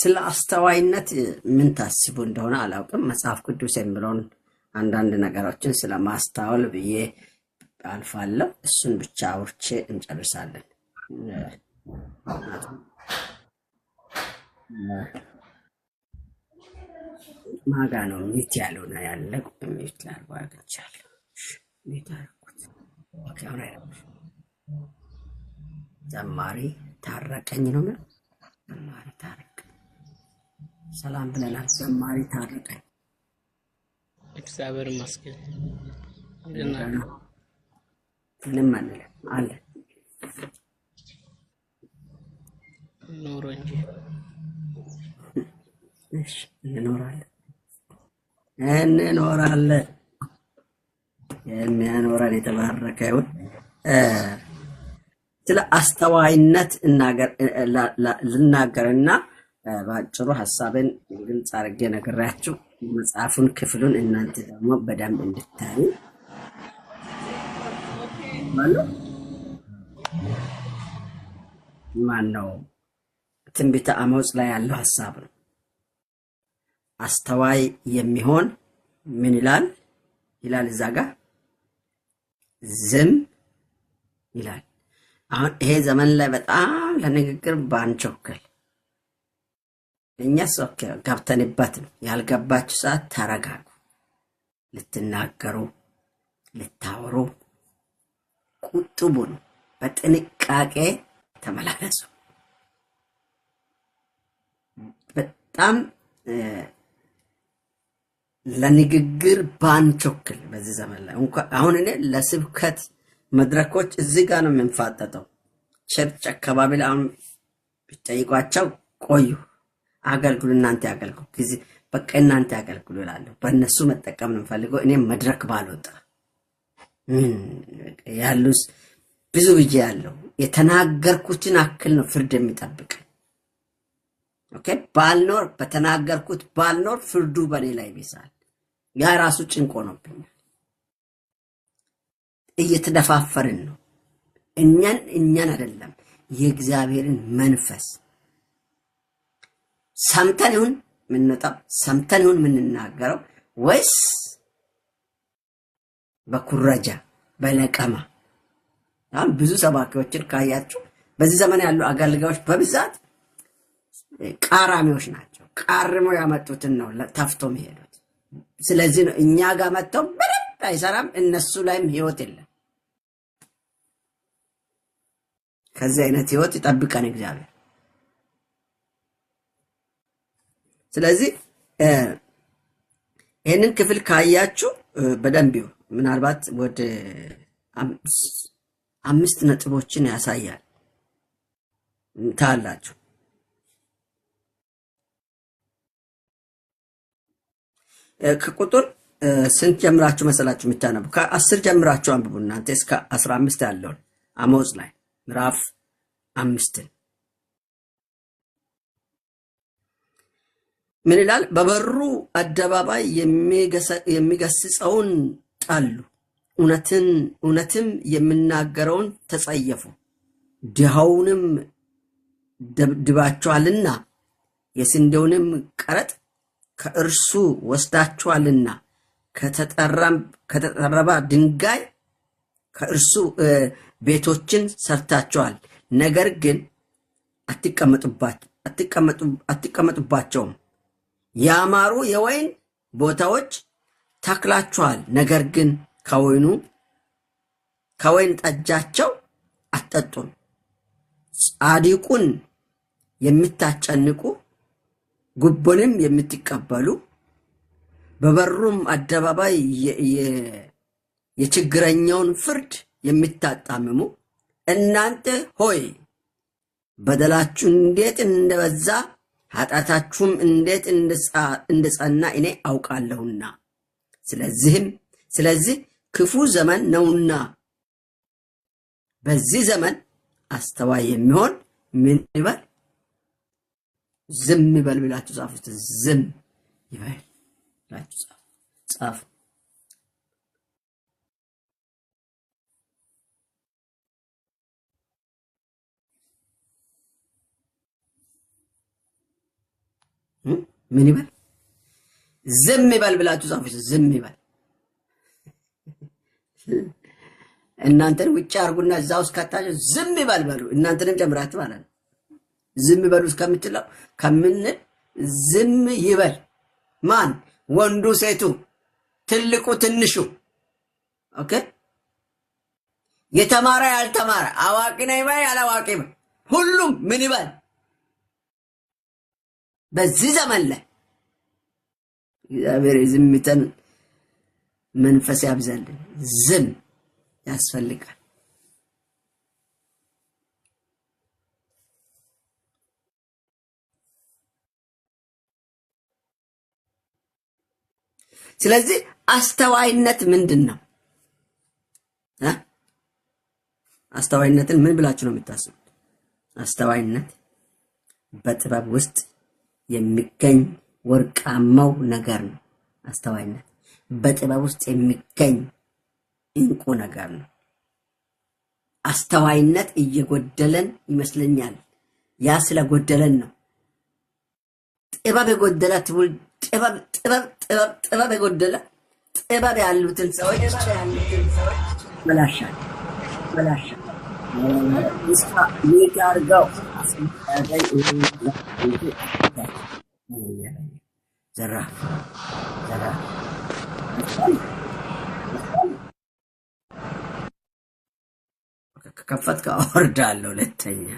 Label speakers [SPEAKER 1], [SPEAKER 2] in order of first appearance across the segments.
[SPEAKER 1] ስለ አስተዋይነት ምን ታስቡ እንደሆነ አላውቅም። መጽሐፍ ቅዱስ የሚለውን አንዳንድ ነገሮችን ስለ ማስታወል ብዬ አልፋለሁ። እሱን ብቻ አውርቼ እንጨርሳለን። ማጋ ነው ሚት ያለው ነው ያለ ሚት ላርጎ አግኝቻለሁ። ዘማሪ ታረቀኝ ነው ምን ዘማሪ ታረቀኝ ሰላም ብለናል። ዘማሪ ታረቀ
[SPEAKER 2] እግዚአብሔር ይመስገን። ምንም
[SPEAKER 1] አንልም አለ ኖሮ እንጂ እሺ፣ እንኖራለን እንኖራለን። የሚያኖረን የተባረከ ይሁን። ስለ አስተዋይነት ልናገርና በአጭሩ ሀሳብን ግልጽ አድርጌ ነግራችሁ መጽሐፉን ክፍሉን እናንተ ደግሞ በደንብ እንድታዩ ማን ነው ትንቢተ አሞጽ ላይ ያለው ሀሳብ ነው። አስተዋይ የሚሆን ምን ይላል ይላል እዛ ጋር ዝም ይላል። አሁን ይሄ ዘመን ላይ በጣም ለንግግር ባንቸኩል እኛስ ኦኬ ገብተንበት ነው። ያልገባችሁ ሰዓት ተረጋጉ። ልትናገሩ ልታወሩ ቁጥቡን በጥንቃቄ ተመላለሱ። በጣም ለንግግር ባንቾክል በዚህ ዘመን ላይ አሁን እኔ ለስብከት መድረኮች እዚህ ጋር ነው የምንፋጠጠው። ቸርች አካባቢ ላይ አሁን ቢጠይቋቸው ቆዩ አገልግሉ፣ እናንተ ያገልግሉ፣ ጊዜ በቃ እናንተ ያገልግሉ እላለሁ። በእነሱ መጠቀም ነው የምፈልገው። እኔም መድረክ ባልወጣ ያሉስ ብዙ ብዬ ያለው የተናገርኩትን አክል ነው ፍርድ የሚጠብቅ ኦኬ። ባልኖር በተናገርኩት ባልኖር ፍርዱ በእኔ ላይ ይብሳል። ያ ራሱ ጭንቅ ሆኖብኛል። እየተደፋፈርን ነው። እኛን እኛን አይደለም የእግዚአብሔርን መንፈስ ሰምተን ይሁን የምንወጣው ሰምተን ይሁን የምንናገረው ወይስ በኩረጃ በነቀማ አሁን ብዙ ሰባኪዎችን ካያችሁ በዚህ ዘመን ያሉ አገልጋዮች በብዛት ቃራሚዎች ናቸው። ቃርመው ያመጡትን ነው ተፍቶ የሚሄዱት። ስለዚህ ነው እኛ ጋር መጥተው በደንብ አይሰራም፣ እነሱ ላይም ህይወት የለም። ከዚህ አይነት ህይወት ይጠብቀን እግዚአብሔር። ስለዚህ ይህንን ክፍል ካያችሁ በደንብ ይሁን ምናልባት ወደ አምስት ነጥቦችን ያሳያል ታላችሁ። ከቁጥር ስንት ጀምራችሁ መሰላችሁ የምታነቡ? ከአስር ጀምራችሁ አንብቡ እናንተ እስከ አስራ አምስት ያለውን አሞጽ ላይ ምዕራፍ አምስትን ምን ይላል? በበሩ አደባባይ የሚገስጸውን ጣሉ፣ እውነትም የሚናገረውን ተጸየፉ። ድሃውንም ደብድባችኋልና የስንዴውንም ቀረጥ ከእርሱ ወስዳችኋልና ከተጠረባ ድንጋይ ከእርሱ ቤቶችን ሰርታችኋል። ነገር ግን አትቀመጡባቸውም ያማሩ የወይን ቦታዎች ተክላችኋል፣ ነገር ግን ከወይኑ ከወይን ጠጃቸው አትጠጡም። ጻድቁን የምታስጨንቁ ጉቦንም የምትቀበሉ በበሩም አደባባይ የችግረኛውን ፍርድ የምታጣምሙ እናንተ ሆይ በደላችሁ እንዴት እንደበዛ ኃጢአታችሁም እንዴት እንደጸና እኔ አውቃለሁና ስለዚህም ስለዚህ ክፉ ዘመን ነውና በዚህ ዘመን አስተዋይ የሚሆን ምን ይበል? ዝም ይበል ብላችሁ ጻፉት። ዝም ይበል ብላችሁ ጻፉ። ምን ይበል? ዝም ይበል ብላችሁ ጻፉ። ዝም ይበል። እናንተን ውጭ አርጉና እዛ ውስጥ ካታቸው ዝም ይበል በሉ። እናንተንም ጨምራት ማለት ነው። ዝም ይበሉ እስከምትለው ከምንል ዝም ይበል ማን? ወንዱ፣ ሴቱ፣ ትልቁ፣ ትንሹ። ኦኬ የተማረ ያልተማረ፣ አዋቂ ነኝ ባይ ያላዋቂ ሁሉም ምን ይበል በዚህ ዘመን ላይ እግዚአብሔር የዝምተን መንፈስ ያብዛልን። ዝም ያስፈልጋል። ስለዚህ አስተዋይነት ምንድን ነው? አስተዋይነትን ምን ብላችሁ ነው የምታስቡት? አስተዋይነት በጥበብ ውስጥ የሚገኝ ወርቃማው ነገር ነው። አስተዋይነት በጥበብ ውስጥ የሚገኝ እንቁ ነገር ነው። አስተዋይነት እየጎደለን ይመስለኛል። ያ ስለጎደለን ነው። ጥበብ የጎደለ ትውልድ ጥበብ ጥበብ ጥበብ ጥበብ የጎደለ ጥበብ ያሉትን ሰዎች መላሻል መላሻል ከከፈትከ አወርዳለሁ። ሁለተኛ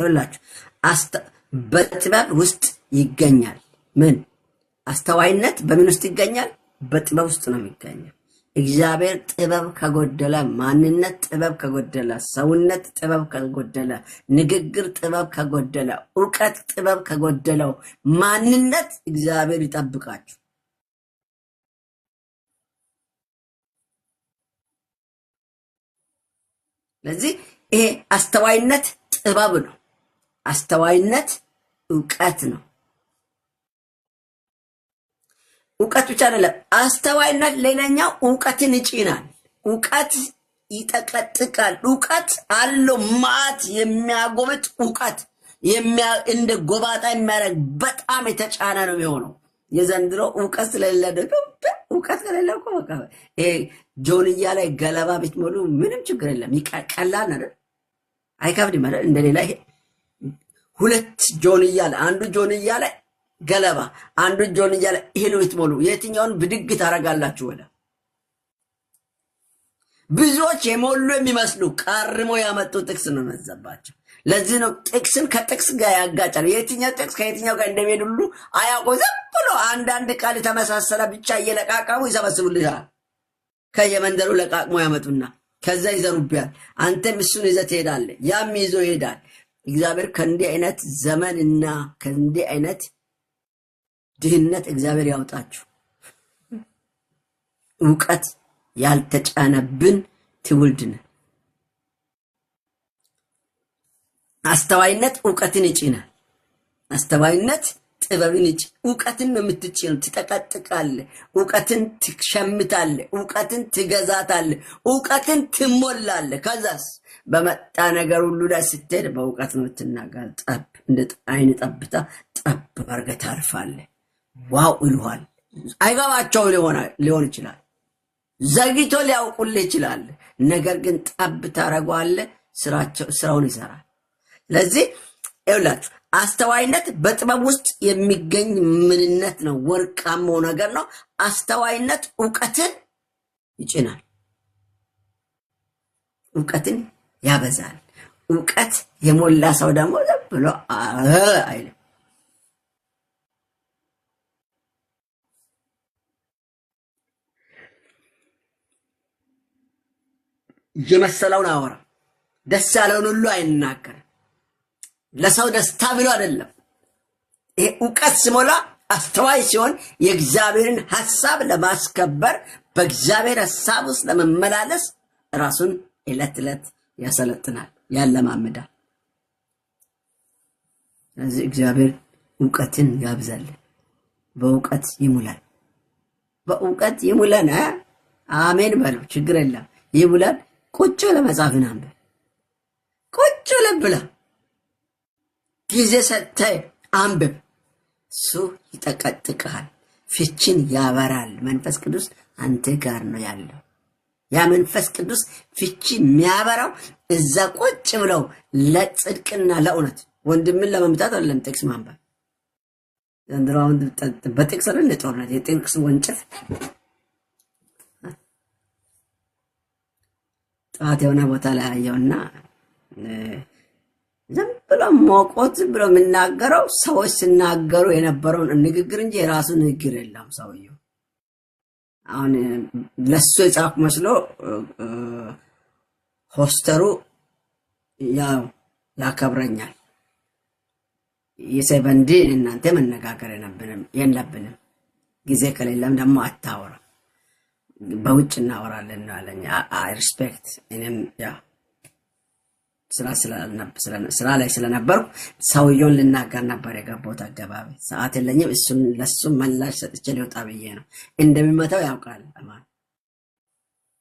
[SPEAKER 1] ይላችሁ በጥበብ ውስጥ ይገኛል። ምን አስተዋይነት በምን ውስጥ ይገኛል? በጥበብ ውስጥ ነው የሚገኘው። እግዚአብሔር ጥበብ ከጎደለ ማንነት፣ ጥበብ ከጎደለ ሰውነት፣ ጥበብ ከጎደለ ንግግር፣ ጥበብ ከጎደለ እውቀት፣ ጥበብ ከጎደለው ማንነት እግዚአብሔር ይጠብቃችሁ። ስለዚህ ይሄ አስተዋይነት ጥበብ ነው። አስተዋይነት እውቀት ነው። እውቀት ብቻ አይደለም። አስተዋይነት ሌላኛው እውቀትን ይጭናል። እውቀት ይጠቀጥቃል። እውቀት አለው ማት የሚያጎበጥ እውቀት እንደ ጎባጣ የሚያደርግ በጣም የተጫነ ነው የሚሆነው። የዘንድሮ እውቀት ስለሌለ እውቀት ከሌለ እኮ በቃ ይሄ ጆንያ ላይ ገለባ ብትሞሉ ምንም ችግር የለም። ቀላል ነገር አይከብድም። እንደሌላ ይሄ ሁለት ጆንያ ላይ አንዱ ጆንያ ላይ ገለባ አንዱ እጆን እያለ ይህን ብትሞሉ የትኛውን ብድግ ታደርጋላችሁ? ወደ ብዙዎች የሞሉ የሚመስሉ ቀርሞ ያመጡ ጥቅስ ነው መዘባቸው። ለዚህ ነው ጥቅስን ከጥቅስ ጋር ያጋጫል። የትኛው ጥቅስ ከየትኛው ጋር እንደሚሄድ ሁሉ አያውቁ። ዝም ብሎ አንዳንድ ቃል የተመሳሰለ ብቻ እየለቃቀሙ ይሰበስቡልሻል። ከየመንደሩ ለቃቅሞ ያመጡና ከዛ ይዘሩብያል። አንተም እሱን ይዘህ ትሄዳለህ፣ ያም ይዞ ይሄዳል። እግዚአብሔር ከእንዲህ አይነት ዘመንና ከእንዲህ አይነት ድህነት እግዚአብሔር ያውጣችሁ። እውቀት ያልተጫነብን ትውልድ ነን። አስተዋይነት እውቀትን ይጭናል። አስተዋይነት ጥበብን ይጭ እውቀትን ነው የምትጭነው። ትጠቀጥቃለ፣ እውቀትን ትሸምታለ፣ እውቀትን ትገዛታለ፣ እውቀትን ትሞላለ። ከዛስ በመጣ ነገር ሁሉ ላይ ስትሄድ በእውቀት ነው የምትናገር። ጠብ እንደ አይን ጠብታ ጠብ አርገ ታርፋለ። ዋው ይልኋል። አይገባቸው ሊሆን ይችላል። ዘግቶ ሊያውቁል ይችላል። ነገር ግን ጠብ ታደረጓለ ስራውን ይሰራል። ስለዚህ ይውላችሁ አስተዋይነት በጥበብ ውስጥ የሚገኝ ምንነት ነው። ወርቃማው ነገር ነው። አስተዋይነት እውቀትን ይጭናል፣ እውቀትን ያበዛል። እውቀት የሞላ ሰው ደግሞ ብሎ አይልም። የመሰለውን አወራ፣ ደስ ያለውን ሁሉ አይናገርም። ለሰው ደስታ ብሎ አይደለም። ይሄ እውቀት ሲሞላ አስተዋይ ሲሆን የእግዚአብሔርን ሐሳብ ለማስከበር በእግዚአብሔር ሐሳብ ውስጥ ለመመላለስ ራሱን ዕለት ዕለት ያሰለጥናል፣ ያለማምዳል። ስለዚህ እግዚአብሔር እውቀትን ያብዛል፣ በእውቀት ይሙላል፣ በእውቀት ይሙላል። አሜን በሉ፣ ችግር የለም ይሙላል። ቁጭ ብለህ መጽሐፍን አንብብ። ቁጭ ብለህ ጊዜ ሰጥተህ አንብብ። እሱ ይጠቀጥቅሃል፣ ፍቺን ያበራል። መንፈስ ቅዱስ አንተ ጋር ነው ያለው። ያ መንፈስ ቅዱስ ፍቺ የሚያበራው እዛ ቁጭ ብለው ለጽድቅና ለእውነት ወንድምን ለመምታት አለም ጥቅስ ማንበብ ዘንድሮ አሁን በጥቅስ አይደል ጦርነት የጥቅስ ወንጭፍ ጠዋት የሆነ ቦታ ላይ አየውና ዝም ብሎ ሞቆት ዝም ብሎ የሚናገረው ሰዎች ሲናገሩ የነበረውን ንግግር እንጂ የራሱ ንግግር የለም ሰውየው። አሁን ለሱ የጻፍ መስሎ ሆስተሩ ያው ያከብረኛል። የሰበንዲ እናንተ መነጋገር የለብንም። ጊዜ ከሌለም ደግሞ አታወራም። በውጭ እናወራለን እናለኝ አይ ሪስፔክት እኔም ያ ስራ ላይ ስለነበርኩ ሰውየውን ልናገር ነበር የገባሁት አገባቢ ሰዓት የለኝም። እሱን ለሱ መላሽ ሰጥቼ ሊወጣ ብዬ ነው። እንደሚመታው ያውቃል፣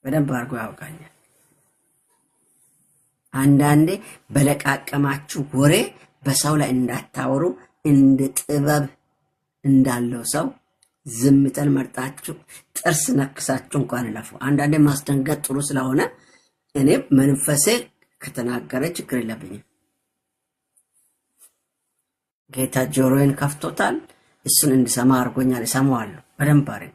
[SPEAKER 1] በደንብ አድርጎ ያውቃኛል። አንዳንዴ በለቃቀማችሁ ወሬ በሰው ላይ እንዳታወሩ እንደ ጥበብ እንዳለው ሰው ዝምተን መርጣችሁ ጥርስ ነክሳችሁ እንኳን እለፉ። አንዳንዴ ማስደንገጥ ጥሩ ስለሆነ እኔ መንፈሴ ከተናገረ ችግር የለብኝም። ጌታ ጆሮዬን ከፍቶታል። እሱን እንድሰማ አድርጎኛል። እሰማዋለሁ በደንብ አድርጌ።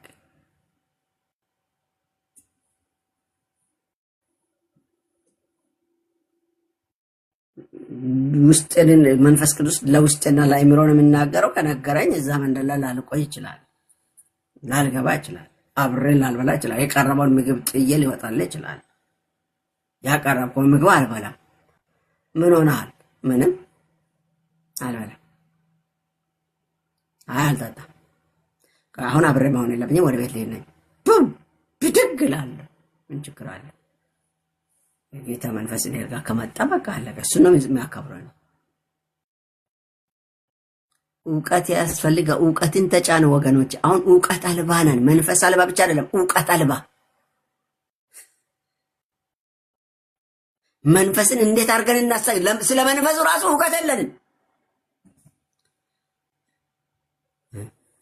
[SPEAKER 1] ውስጤን መንፈስ ቅዱስ ለውስጤና ለአእምሮ የምናገረው ከነገረኝ እዛ መንደላ ላልቆይ ይችላል። ላልገባ ይችላል። አብሬ ላልበላ ይችላል። የቀረበውን ምግብ ጥዬ ሊወጣለ ይችላል። ያቀረብከውን ምግብ አልበላም። ምን ሆነሃል? ምንም አልበላም። አይ አልጠጣም። አሁን አብሬ መሆን የለብኝም። ወደ ቤት ልሄድ ነኝ። ቡም ብድግ እላለሁ። ምን ችግር አለ? የጌታ መንፈስ ጋር ከመጣ በቃ አለቀ። እሱ ነው የሚያከብረው ነው እውቀት ያስፈልገ እውቀትን ተጫኑ ወገኖች። አሁን እውቀት አልባ ነን። መንፈስ አልባ ብቻ አይደለም፣ እውቀት አልባ መንፈስን እንዴት አድርገን እናሳ ስለ መንፈሱ ራሱ እውቀት የለንም።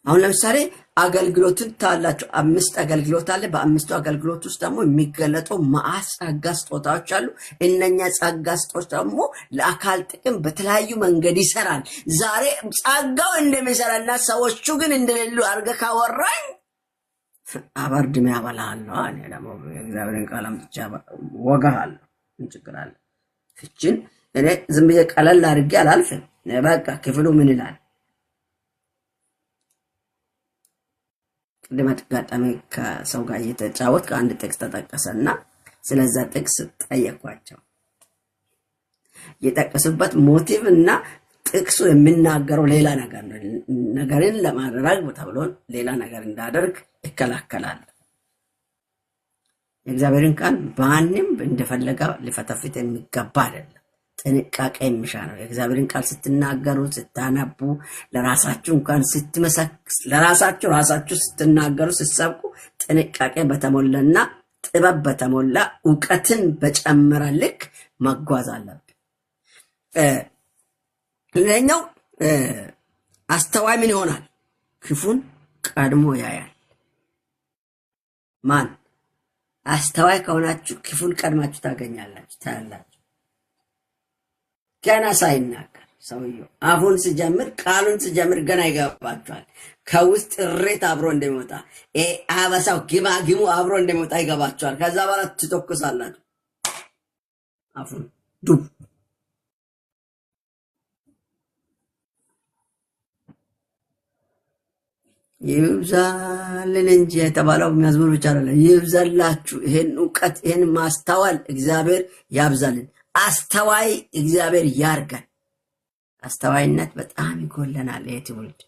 [SPEAKER 1] አሁን ለምሳሌ አገልግሎትን ታላቸው አምስት አገልግሎት አለ። በአምስቱ አገልግሎት ውስጥ ደግሞ የሚገለጠው መዓት ጸጋ ስጦታዎች አሉ። እነኛ ጸጋ ስጦች ደግሞ ለአካል ጥቅም በተለያዩ መንገድ ይሰራል። ዛሬ ጸጋው እንደሚሰራና ሰዎቹ ግን እንደሌሉ አርገ ካወራኝ አበርድም አበላለሁ። እኔ ደግሞ እግዚአብሔርን ቃል ብቻ ወጋሃለሁ። እንችግራለ ፍችን እኔ ዝም ብዬ ቀለል አድርጌ አላልፍም። በቃ ክፍሉ ምን ይላል? ጋጣሚ ከሰው ጋር እየተጫወት ከአንድ ጥቅስ ተጠቀሰ እና ስለዛ ጥቅስ ጠየኳቸው። የጠቀሱበት ሞቲቭ እና ጥቅሱ የሚናገረው ሌላ ነገር ነው። ነገርን ለማድረግ ተብሎ ሌላ ነገር እንዳደርግ ይከላከላል። የእግዚአብሔርን ቃል በማንም እንደፈለገ ሊፈተፍት የሚገባ አይደለም። ጥንቃቄ የሚሻ ነው። የእግዚአብሔርን ቃል ስትናገሩ፣ ስታነቡ፣ ለራሳችሁ እንኳን ስትመሰክስ፣ ለራሳችሁ ራሳችሁ ስትናገሩ፣ ስትሰብኩ ጥንቃቄ በተሞላና ጥበብ በተሞላ እውቀትን በጨመረ ልክ መጓዝ አለብን። ሌላኛው አስተዋይ ምን ይሆናል? ክፉን ቀድሞ ያያል። ማን አስተዋይ ከሆናችሁ ክፉን ቀድማችሁ ታገኛላችሁ፣ ታያላችሁ። ገና ሳይናገር ሰውየው አፉን ስጀምር ቃሉን ስጀምር ገና ይገባቸዋል። ከውስጥ እሬት አብሮ እንደሚወጣ አበሳው ግማግሙ አብሮ እንደሚወጣ ይገባቸዋል። ከዛ በኋላ ትተኩሳላችሁ አፉን ዱ ይብዛልን እንጂ የተባለው መዝሙር ብቻ አይደለም። ይብዛላችሁ። ይህን እውቀት ይህን ማስተዋል እግዚአብሔር ያብዛልን። አስተዋይ እግዚአብሔር ያርገን። አስተዋይነት በጣም ይጎለናል። ይህ ትውልድ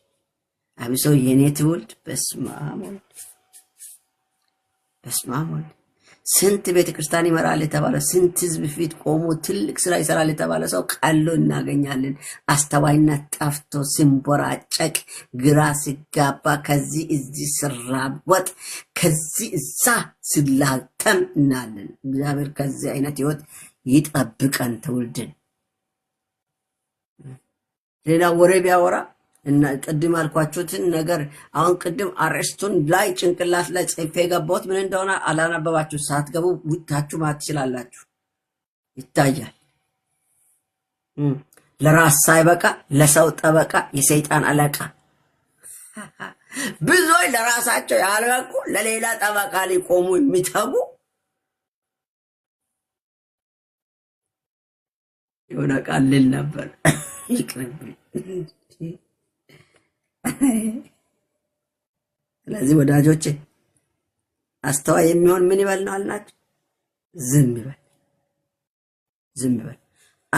[SPEAKER 1] አብሶ የእኔ ትውልድ በስመ አብ ስንት ቤተ ክርስቲያን ይመራል የተባለ ስንት ህዝብ ፊት ቆሞ ትልቅ ስራ ይሰራል የተባለ ሰው ቀሎ እናገኛለን። አስተዋይነት ጠፍቶ ስንቦራጨቅ፣ ግራ ሲጋባ፣ ከዚህ እዚህ ስራወጥ፣ ከዚህ እዛ ስላተም እናለን። እግዚአብሔር ከዚህ አይነት ህይወት ይጠብቀን ትውልድን። ሌላ ወሬ ቢያወራ ቅድም አልኳችሁትን ነገር አሁን ቅድም አርዕስቱን ላይ ጭንቅላት ላይ ጽፌ የገባሁት ምን እንደሆነ አላነበባችሁ ሳትገቡ ውታችሁ ማለት ትችላላችሁ። ይታያል። ለራስ ሳይበቃ ለሰው ጠበቃ የሰይጣን አለቃ። ብዙዎች ለራሳቸው ያልበቁ ለሌላ ጠበቃ ሊቆሙ የሚተጉ የሆነ ቃል ልል ነበር ስለዚህ ወዳጆቼ አስተዋይ የሚሆን ምን ይበል ነው አልናቸው? ዝም ይበል፣ ዝም ይበል።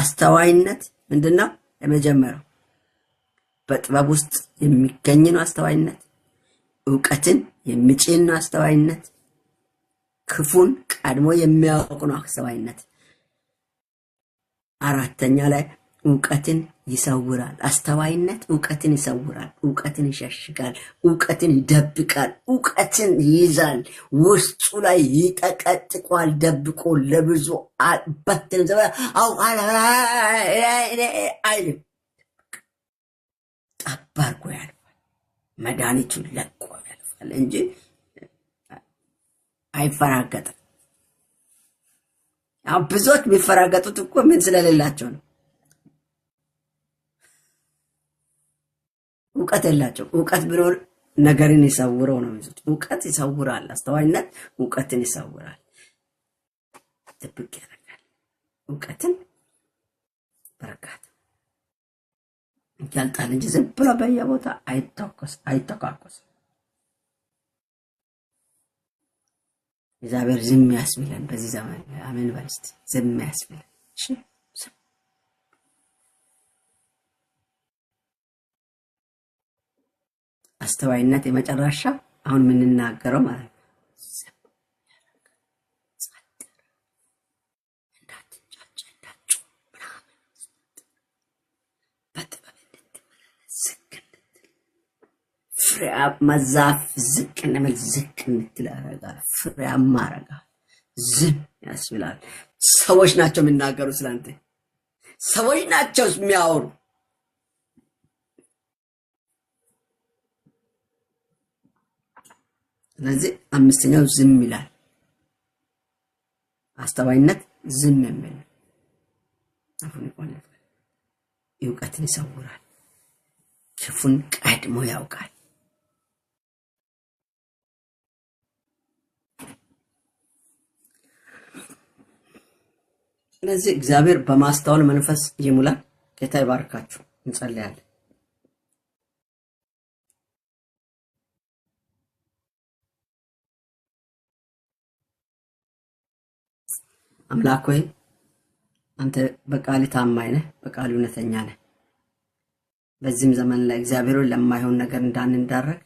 [SPEAKER 1] አስተዋይነት ምንድን ነው? የመጀመሪያው በጥበብ ውስጥ የሚገኝ ነው አስተዋይነት። እውቀትን የሚጭን ነው አስተዋይነት። ክፉን ቀድሞ የሚያውቅ ነው አስተዋይነት። አራተኛ ላይ እውቀትን ይሰውራል። አስተዋይነት እውቀትን ይሰውራል፣ እውቀትን ይሸሽጋል፣ እውቀትን ይደብቃል፣ እውቀትን ይይዛል፣ ውስጡ ላይ ይጠቀጥቋል። ደብቆ ለብዙ በትን አይ ጠባርጎ ያልፋል፣ መድኃኒቱን ለቆ ያልፋል እንጂ አይፈራገጥም። አሁን ብዙዎች የሚፈራገጡት እኮ ምን ስለሌላቸው ነው። እውቀት የላቸው። እውቀት ብሎ ነገርን ይሰውረው ነው የሚሉት። እውቀት ይሰውራል። አስተዋይነት እውቀትን ይሰውራል፣ ጥብቅ ያደርጋል። እውቀትን በረካት ይገልጣል እንጂ ዝም ብሎ በየቦታ አይተኮስ አይተኳኮስም። እግዚአብሔር ዝም ያስብለን በዚህ ዘመን። አሜን በል እስቲ ዝም ያስብለን። አስተዋይነት የመጨረሻ አሁን የምንናገረው ማለት ነው። ፍሬያማ ዛፍ ዝቅ እንደምል ዝቅ እንድትል ያደርጋል። ፍሬያማ ያደርጋል። ዝም ያስብላል። ሰዎች ናቸው የሚናገሩ ስላንተ። ሰዎች ናቸው የሚያወሩ። ስለዚህ አምስተኛው ዝም ይላል። አስተዋይነት ዝም የሚል አፉን ይቆልፋል፣ እውቀትን ይሰውራል፣ ክፉን ቀድሞ ያውቃል። ስለዚህ እግዚአብሔር በማስተዋል መንፈስ ይሙላል። ጌታ ይባርካችሁ። እንጸልያለን። አምላክ ሆይ አንተ በቃል ታማኝ ነህ፣ በቃል እውነተኛ ነህ። በዚህም ዘመን ላይ እግዚአብሔር ለማይሆን ነገር እንዳንዳረግ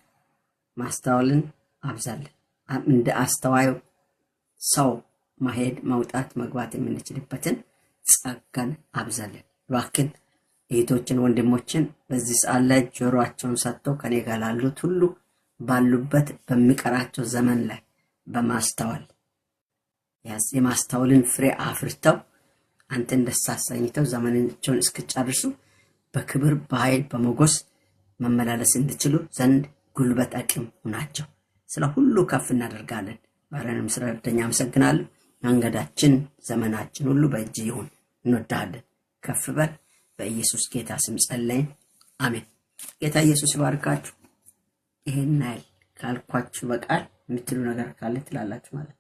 [SPEAKER 1] ማስተዋልን አብዛለን። እንደ አስተዋዩ ሰው ማሄድ መውጣት መግባት የምንችልበትን ጸጋን አብዛለን። እባክን እህቶችን ወንድሞችን በዚህ ሰዓት ላይ ጆሮቸውን ሰጥተው ከኔ ጋር ላሉት ሁሉ ባሉበት በሚቀራቸው ዘመን ላይ በማስተዋል የማስተዋልን ፍሬ አፍርተው አንተን ደስ አሰኝተው ዘመናቸውን እስክጨርሱ በክብር በኃይል በመጎስ መመላለስ እንድችሉ ዘንድ ጉልበት አቅም ሁናቸው። ስለ ሁሉ ከፍ እናደርጋለን። ባረንም ስለ ረዳኝ አመሰግናለሁ። መንገዳችን ዘመናችን ሁሉ በእጅ ይሁን። እንወዳለን። ከፍ በል። በኢየሱስ ጌታ ስም ጸለይን። አሜን። ጌታ ኢየሱስ ይባርካችሁ። ይሄን ያህል ካልኳችሁ በቃል የምትሉ ነገር ካለ ትላላችሁ ማለት ነው።